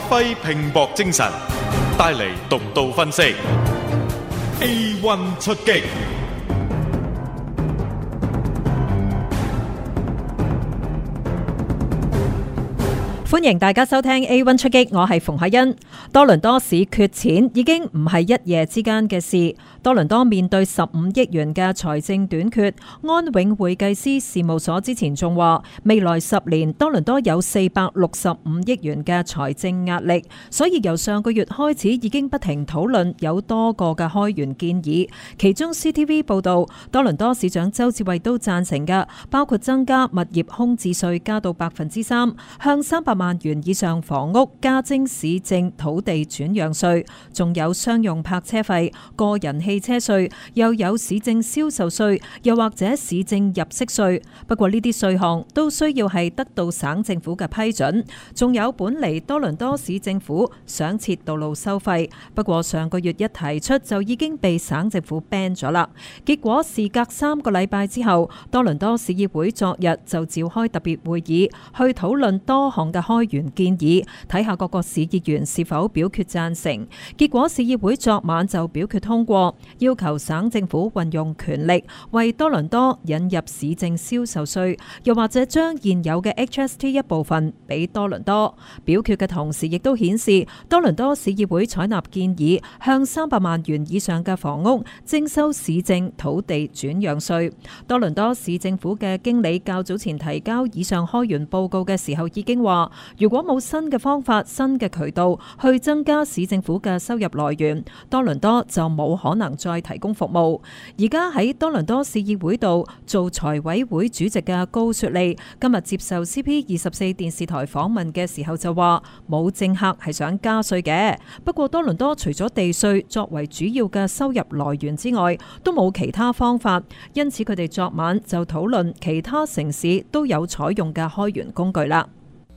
發揮拼搏精神，帶嚟獨到分析。A one 出擊。歡迎大家收聽 A One 出擊，我係馮凱欣。多倫多市缺錢已經唔係一夜之間嘅事。多倫多面對十五億元嘅財政短缺，安永會計師事務所之前仲話，未來十年多倫多有四百六十五億元嘅財政壓力，所以由上個月開始已經不停討論有多個嘅開源建議。其中 CTV 報道，多倫多市長鄒至蕙都贊成嘅，包括增加物業空置稅加到百分之三，向三百。萬元以上房屋加徵市政土地轉讓稅，仲有商用泊車費、個人汽車稅、又有市政銷售稅，又或者市政入息稅。不過呢啲稅項都需要係得到省政府嘅批准。仲有本嚟多倫多市政府想設道路收費，不過上個月一提出就已經被省政府 ban 咗啦。結果事隔三個禮拜之後，多倫多市議會昨日就召開特別會議，去討論多項嘅開源建議睇下各個市議員是否表決贊成，結果市議會昨晚就表決通過，要求省政府運用權力為多倫多引入市政銷售稅，又或者將現有嘅 HST 一部分俾多倫多。表決嘅同時亦都顯示多倫多市議會採納建議，向三百萬元以上嘅房屋徵收市政土地轉讓稅。多倫多市政府嘅經理較早前提交以上開源報告嘅時候已經話，如果冇新嘅方法、新嘅渠道去增加市政府嘅收入來源，多倫多就冇可能再提供服務。而家喺多倫多市議會度做財委會主席嘅高雪莉今日接受 CP 二十四電視台訪問嘅時候就話，冇政客係想加稅嘅。不過多倫多除咗地稅作為主要嘅收入來源之外，都冇其他方法，因此佢哋昨晚就討論其他城市都有採用嘅開源工具啦。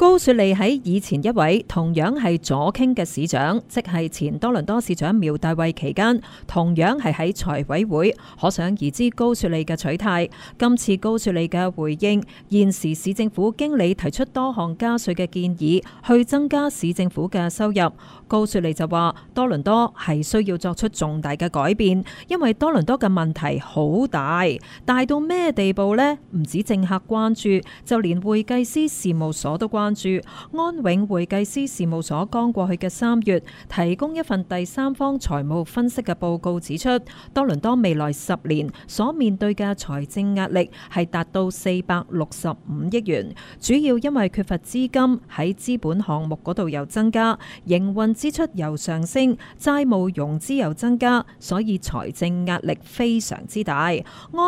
高雪麗喺以前一位同樣係左傾嘅市長，即係前多倫多市長苗大衛期間，同樣係喺財委會。可想而知高雪麗嘅取態。今次高雪麗嘅回應，現時市政府經理提出多項加稅嘅建議，去增加市政府嘅收入。高雪麗就話：多倫多係需要作出重大嘅改變，因為多倫多嘅問題好大，大到咩地步呢？唔止政客關注，就連會計師事務所都關注。跟住安永會計師事務所剛過去嘅三月，提供一份第三方財務分析嘅報告指出，多倫多未來十年所面對嘅財政壓力係達到四百六十五億元，主要因為缺乏資金喺資本項目嗰度又增加，營運支出又上升，債務融資又增加，所以財政壓力非常之大。安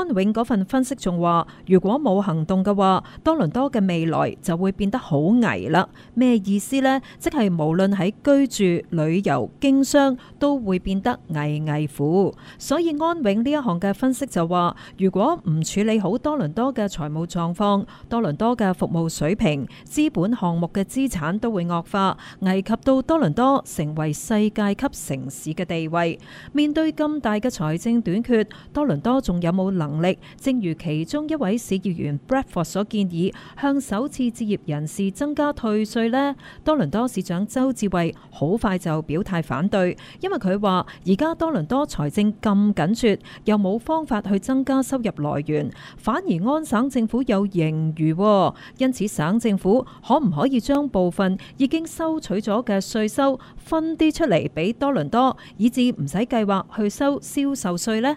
永嗰份分析仲話，如果冇行動嘅話，多倫多嘅未來就會變得好。危啦，咩意思咧？即係無論喺居住、旅遊、經商都會變得危危苦。所以安永呢一項嘅分析就話，如果唔處理好多倫多嘅財務狀況、多倫多嘅服務水平、資本項目嘅資產都會惡化，危及到多倫多成為世界級城市嘅地位。面對咁大嘅財政短缺，多倫多仲有冇能力？正如其中一位市議員 Bradford 所建議，向首次置業人士，增加退稅呢？多倫多市長周志偉好快就表態反對，因為佢話而家多倫多財政咁緊絀，又冇方法去增加收入來源，反而安省政府有盈餘，因此省政府可唔可以將部分已經收取咗嘅稅收分啲出嚟俾多倫多，以致唔使計劃去收銷售稅呢？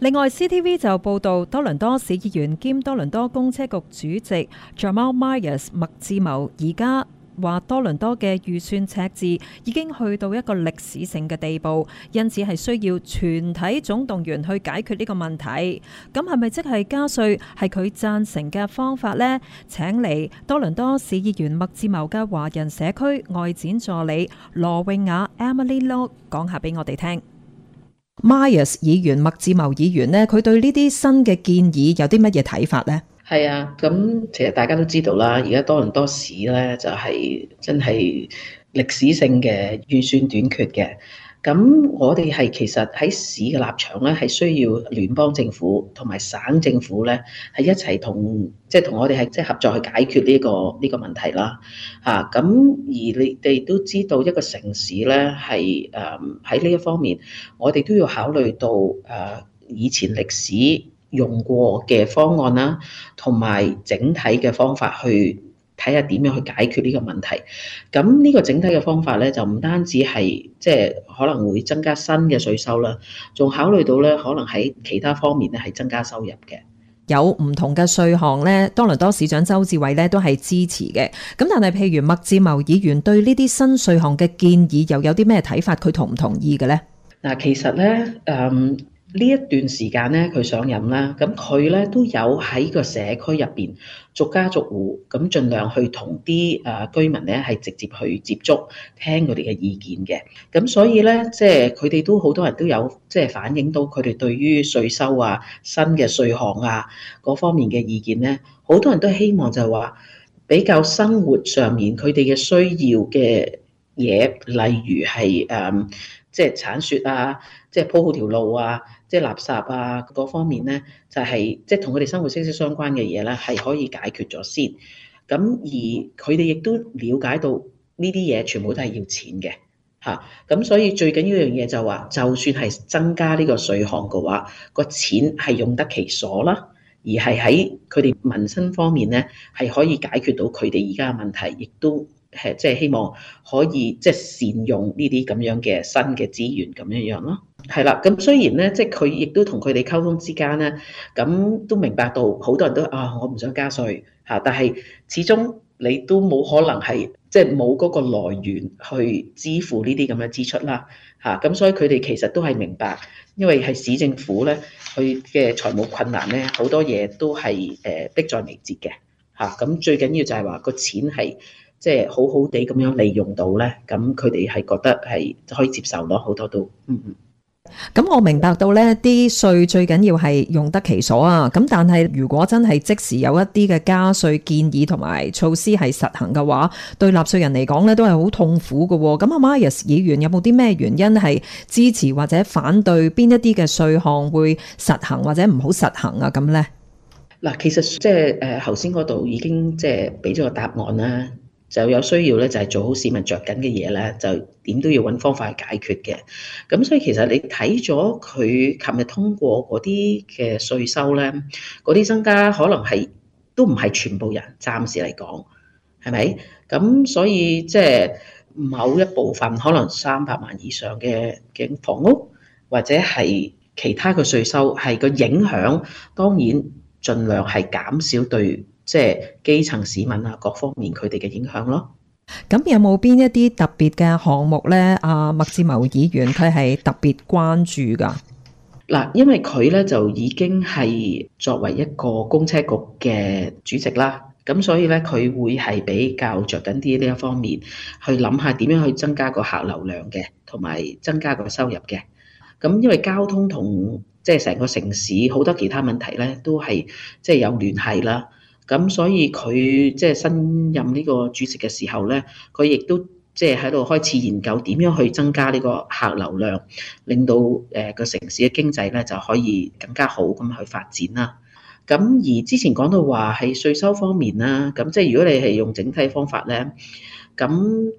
另外，C T V 就報道，多倫多市議員兼多倫多公車局主席 Jamal Myers 麥志謀而家話多倫多嘅預算赤字已經去到一個歷史性嘅地步，因此係需要全體總動員去解決呢個問題。咁係咪即係加稅係佢贊成嘅方法呢？請嚟多倫多市議員麥志謀嘅華人社區外展助理羅永雅 Emily Lo 講下俾我哋聽。Myers 議員、麥志茂議員咧，佢對呢啲新嘅建議有啲乜嘢睇法咧？係啊，咁、嗯、其實大家都知道啦，而家多倫多市咧就係、是、真係歷史性嘅預算短缺嘅。咁我哋係其實喺市嘅立場咧，係需要聯邦政府同埋省政府咧，係一齊同即係同我哋係即係合作去解決呢個呢個問題啦。嚇，咁而你哋都知道一個城市咧係誒喺呢一方面，我哋都要考慮到誒以前歷史用過嘅方案啦，同埋整體嘅方法去。睇下點樣去解決呢個問題，咁呢個整體嘅方法咧就唔單止係即係可能會增加新嘅稅收啦，仲考慮到咧可能喺其他方面咧係增加收入嘅，有唔同嘅稅項咧，多倫多市長周志偉咧都係支持嘅，咁但係譬如麥志謀議員對呢啲新稅項嘅建議又有啲咩睇法，佢同唔同意嘅咧？嗱，其實咧，誒、嗯。呢一段時間咧，佢上任啦，咁佢咧都有喺個社區入邊逐家逐戶咁，儘量去同啲誒居民咧係直接去接觸，聽佢哋嘅意見嘅。咁所以咧，即係佢哋都好多人都有即係、就是、反映到佢哋對於稅收啊、新嘅稅項啊嗰方面嘅意見咧，好多人都希望就係話比較生活上面佢哋嘅需要嘅。嘢，例如係誒，即係鏟雪啊，即係鋪好條路啊，即係垃圾啊各方面咧，就係即係同佢哋生活息息相關嘅嘢啦，係可以解決咗先。咁而佢哋亦都了解到呢啲嘢全部都係要錢嘅嚇。咁所以最緊要一樣嘢就係話，就算係增加呢個稅項嘅話，個錢係用得其所啦，而係喺佢哋民生方面咧，係可以解決到佢哋而家嘅問題，亦都。係，即係希望可以即係善用呢啲咁樣嘅新嘅資源咁樣樣咯。係啦，咁雖然咧，即係佢亦都同佢哋溝通之間咧，咁都明白到好多人都啊，我唔想加稅嚇，但係始終你都冇可能係即係冇嗰個來源去支付呢啲咁嘅支出啦嚇。咁所以佢哋其實都係明白，因為係市政府咧，佢嘅財務困難咧，好多嘢都係誒迫在眉睫嘅嚇。咁最緊要就係話個錢係。即係好好地咁樣利用到咧，咁佢哋係覺得係可以接受咯，好多都嗯嗯。咁我明白到咧，啲稅最緊要係用得其所啊！咁但係如果真係即時有一啲嘅加稅建議同埋措施係實行嘅話，對納稅人嚟講咧都係好痛苦嘅喎啊。咁阿馬里斯議員有冇啲咩原因係支持或者反對邊一啲嘅稅項會實行或者唔好實行啊？咁咧嗱，其實即係誒頭先嗰度已經即係俾咗個答案啦。就有需要咧，就係做好市民着緊嘅嘢咧，就點都要揾方法去解決嘅。咁所以其實你睇咗佢琴日通過嗰啲嘅稅收咧，嗰啲增加可能係都唔係全部人，暫時嚟講係咪？咁所以即係某一部分可能三百萬以上嘅嘅房屋，或者係其他嘅稅收，係個影響，當然盡量係減少對。即係基層市民啊，各方面佢哋嘅影響咯。咁有冇邊一啲特別嘅項目呢？阿麥志謀議員佢係特別關注噶。嗱，因為佢咧就已經係作為一個公車局嘅主席啦，咁所以呢，佢會係比較着緊啲呢一方面，去諗下點樣去增加個客流量嘅，同埋增加個收入嘅。咁因為交通同即係成個城市好多其他問題呢，都係即係有聯繫啦。咁所以佢即係新任呢個主席嘅時候咧，佢亦都即係喺度開始研究點樣去增加呢個客流量，令到誒個城市嘅經濟咧就可以更加好咁去發展啦。咁而之前講到話係稅收方面啦，咁即係如果你係用整體方法咧，咁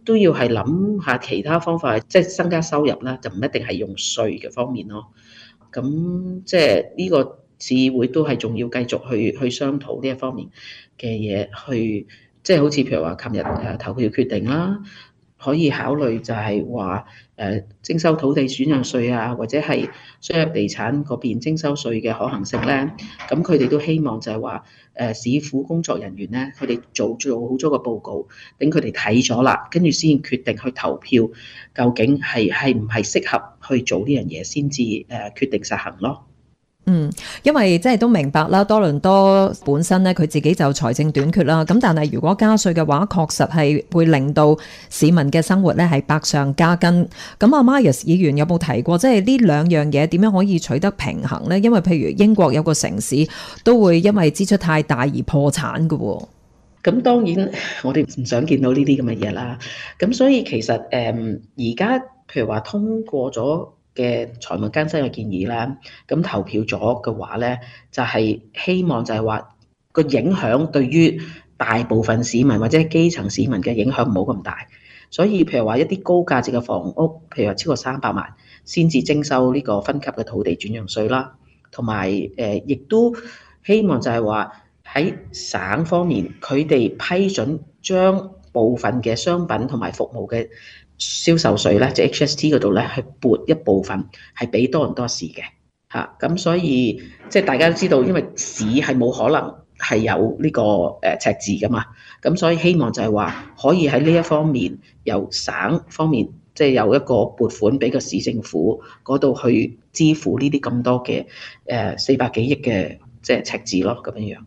都要係諗下其他方法，即係增加收入啦，就唔一定係用稅嘅方面咯。咁即係呢個。市議會都係仲要繼續去去商討呢一方面嘅嘢，去即係好似譬如話，琴日投票決定啦，可以考慮就係話誒徵收土地轉讓稅啊，或者係商業地產嗰邊徵收稅嘅可行性咧。咁佢哋都希望就係話市府工作人員咧，佢哋做做好咗個報告，等佢哋睇咗啦，跟住先決定去投票，究竟係唔係適合去做呢樣嘢，先至誒決定實行咯。嗯，因為即係都明白啦，多倫多本身咧，佢自己就財政短缺啦。咁但係如果加稅嘅話，確實係會令到市民嘅生活咧係百上加斤。咁阿 Marius 議員有冇提過，即係呢兩樣嘢點樣可以取得平衡咧？因為譬如英國有個城市都會因為支出太大而破產噶。咁當然我哋唔想見到呢啲咁嘅嘢啦。咁所以其實誒，而家譬如話通過咗。嘅財務更新嘅建議啦。咁投票咗嘅話咧，就係希望就係話個影響對於大部分市民或者基層市民嘅影響唔好咁大，所以譬如話一啲高價值嘅房屋，譬如話超過三百萬，先至徵收呢個分級嘅土地轉讓稅啦，同埋誒亦都希望就係話喺省方面佢哋批准將部分嘅商品同埋服務嘅。銷售稅咧，即係 HST 嗰度咧，係撥一部分係俾多倫多市嘅嚇，咁所以即係大家都知道，因為市係冇可能係有呢個誒赤字噶嘛，咁所以希望就係話可以喺呢一方面由省方面即係有一個撥款俾個市政府嗰度去支付呢啲咁多嘅誒四百幾億嘅即係赤字咯咁樣樣。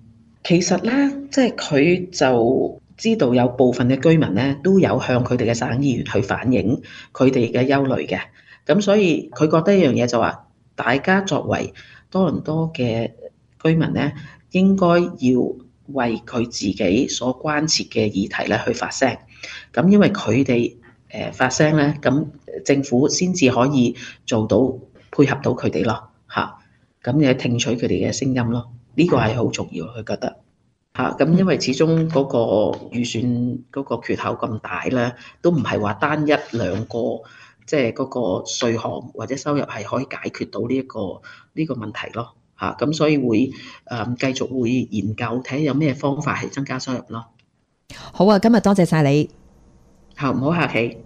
其實咧，即係佢就。知道有部分嘅居民咧都有向佢哋嘅省議員去反映佢哋嘅憂慮嘅，咁所以佢覺得一樣嘢就話，大家作為多倫多嘅居民咧，應該要為佢自己所關切嘅議題咧去發聲，咁因為佢哋誒發聲咧，咁政府先至可以做到配合到佢哋咯，吓，咁你聽取佢哋嘅聲音咯，呢個係好重要，佢覺得。吓，咁因為始終嗰個預算嗰個缺口咁大咧，都唔係話單一兩個，即係嗰個稅項或者收入係可以解決到呢一個呢個問題咯。吓，咁所以會誒繼續會研究睇下有咩方法係增加收入咯。好啊，今日多謝晒你，好，唔好客氣。